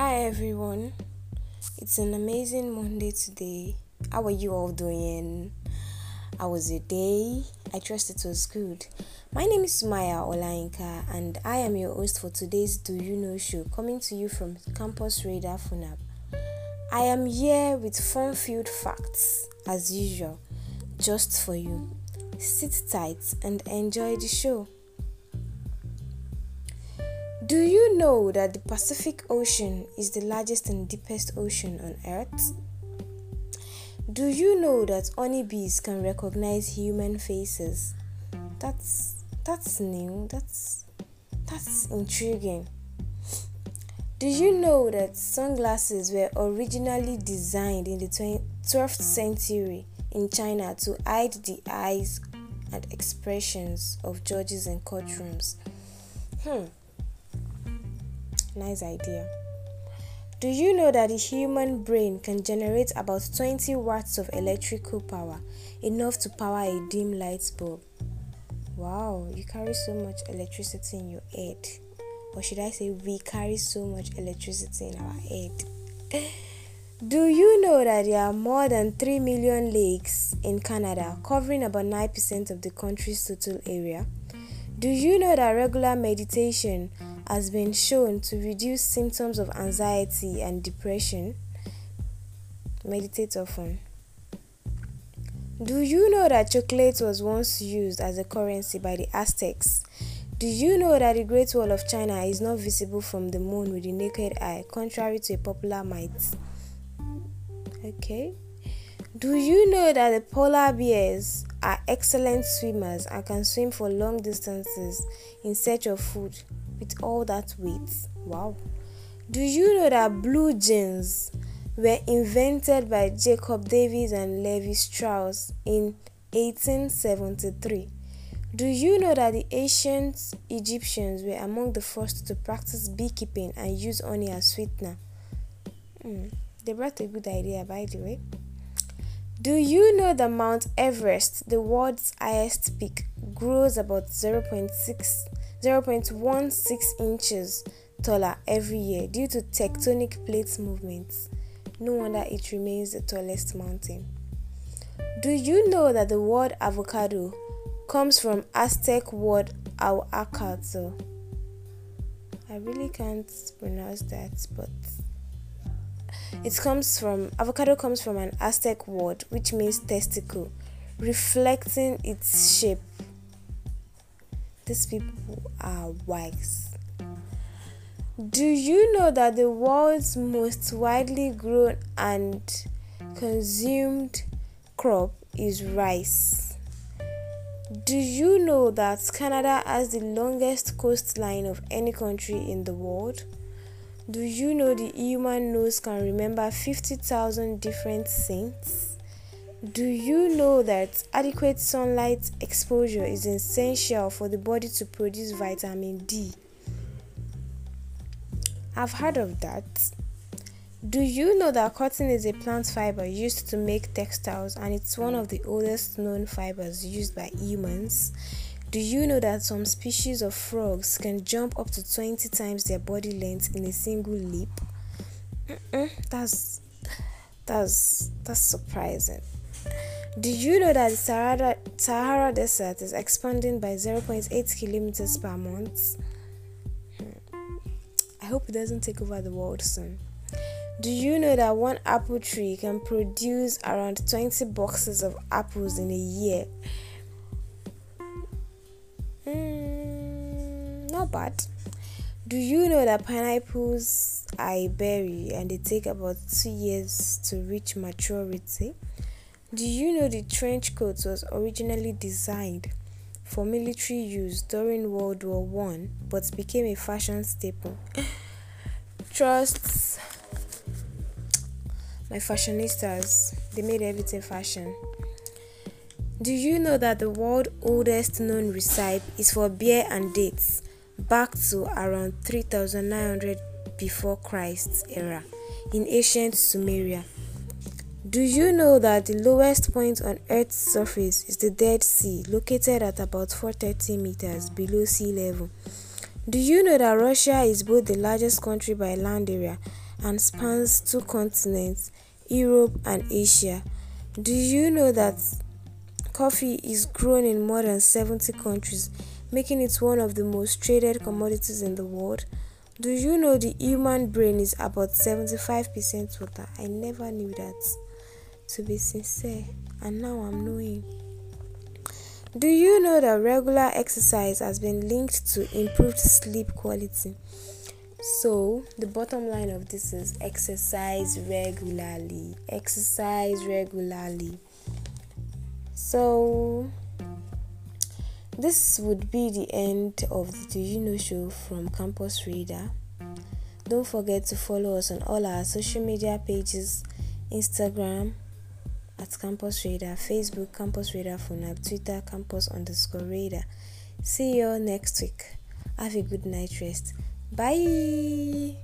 Hi everyone, it's an amazing Monday today. How are you all doing? How was your day? I trust it was good. My name is Maya Olainka and I am your host for today's Do You Know show coming to you from Campus Radar Funab. I am here with fun filled facts as usual, just for you. Sit tight and enjoy the show. Do you know that the Pacific Ocean is the largest and deepest ocean on Earth? Do you know that honeybees can recognize human faces? That's that's new. That's that's intriguing. Do you know that sunglasses were originally designed in the 12th century in China to hide the eyes and expressions of judges and courtrooms? Hmm. Nice idea. Do you know that the human brain can generate about 20 watts of electrical power, enough to power a dim light bulb? Wow, you carry so much electricity in your head. Or should I say, we carry so much electricity in our head. Do you know that there are more than 3 million lakes in Canada, covering about 9% of the country's total area? Do you know that regular meditation has been shown to reduce symptoms of anxiety and depression. Meditate often. Do you know that chocolate was once used as a currency by the Aztecs? Do you know that the Great Wall of China is not visible from the moon with the naked eye, contrary to a popular myth? Okay. Do you know that the polar bears are excellent swimmers and can swim for long distances in search of food? with all that weight. Wow. Do you know that blue jeans were invented by Jacob Davis and Levi Strauss in 1873? Do you know that the ancient Egyptians were among the first to practice beekeeping and use honey as sweetener? Mm, they brought a good idea, by the way. Do you know that Mount Everest, the world's highest peak, grows about 0.6 0.16 inches taller every year due to tectonic plates movements. No wonder it remains the tallest mountain. Do you know that the word avocado comes from Aztec word ahuacazo? I really can't pronounce that, but it comes from avocado comes from an Aztec word which means testicle, reflecting its shape these people are wise. Do you know that the world's most widely grown and consumed crop is rice? Do you know that Canada has the longest coastline of any country in the world? Do you know the human nose can remember 50,000 different scents? Do you know that adequate sunlight exposure is essential for the body to produce vitamin D? I've heard of that. Do you know that cotton is a plant fiber used to make textiles and it's one of the oldest known fibers used by humans? Do you know that some species of frogs can jump up to 20 times their body length in a single leap? Mm-mm, that's that's that's surprising. Did you know that the Sahara, Sahara Desert is expanding by 0.8 kilometers per month? Hmm. I hope it doesn't take over the world soon. Do you know that one apple tree can produce around 20 boxes of apples in a year? Mm, not bad. Do you know that pineapples are a berry and they take about two years to reach maturity? Do you know the trench coat was originally designed for military use during World War One, but became a fashion staple? Trust my fashionistas, they made everything fashion. Do you know that the world's oldest known recipe is for beer and dates, back to around 3900 before Christ's era in ancient Sumeria? Do you know that the lowest point on Earth's surface is the Dead Sea, located at about 430 meters below sea level? Do you know that Russia is both the largest country by land area and spans two continents, Europe and Asia? Do you know that coffee is grown in more than 70 countries, making it one of the most traded commodities in the world? Do you know the human brain is about 75% water? I never knew that to be sincere, and now I'm knowing. Do you know that regular exercise has been linked to improved sleep quality? So, the bottom line of this is exercise regularly. Exercise regularly. So, this would be the end of the Do You Know show from Campus Reader. Don't forget to follow us on all our social media pages Instagram, at Campus Radar, Facebook Campus Radar Funab, Twitter Campus underscore Radar. See you all next week. Have a good night rest. Bye.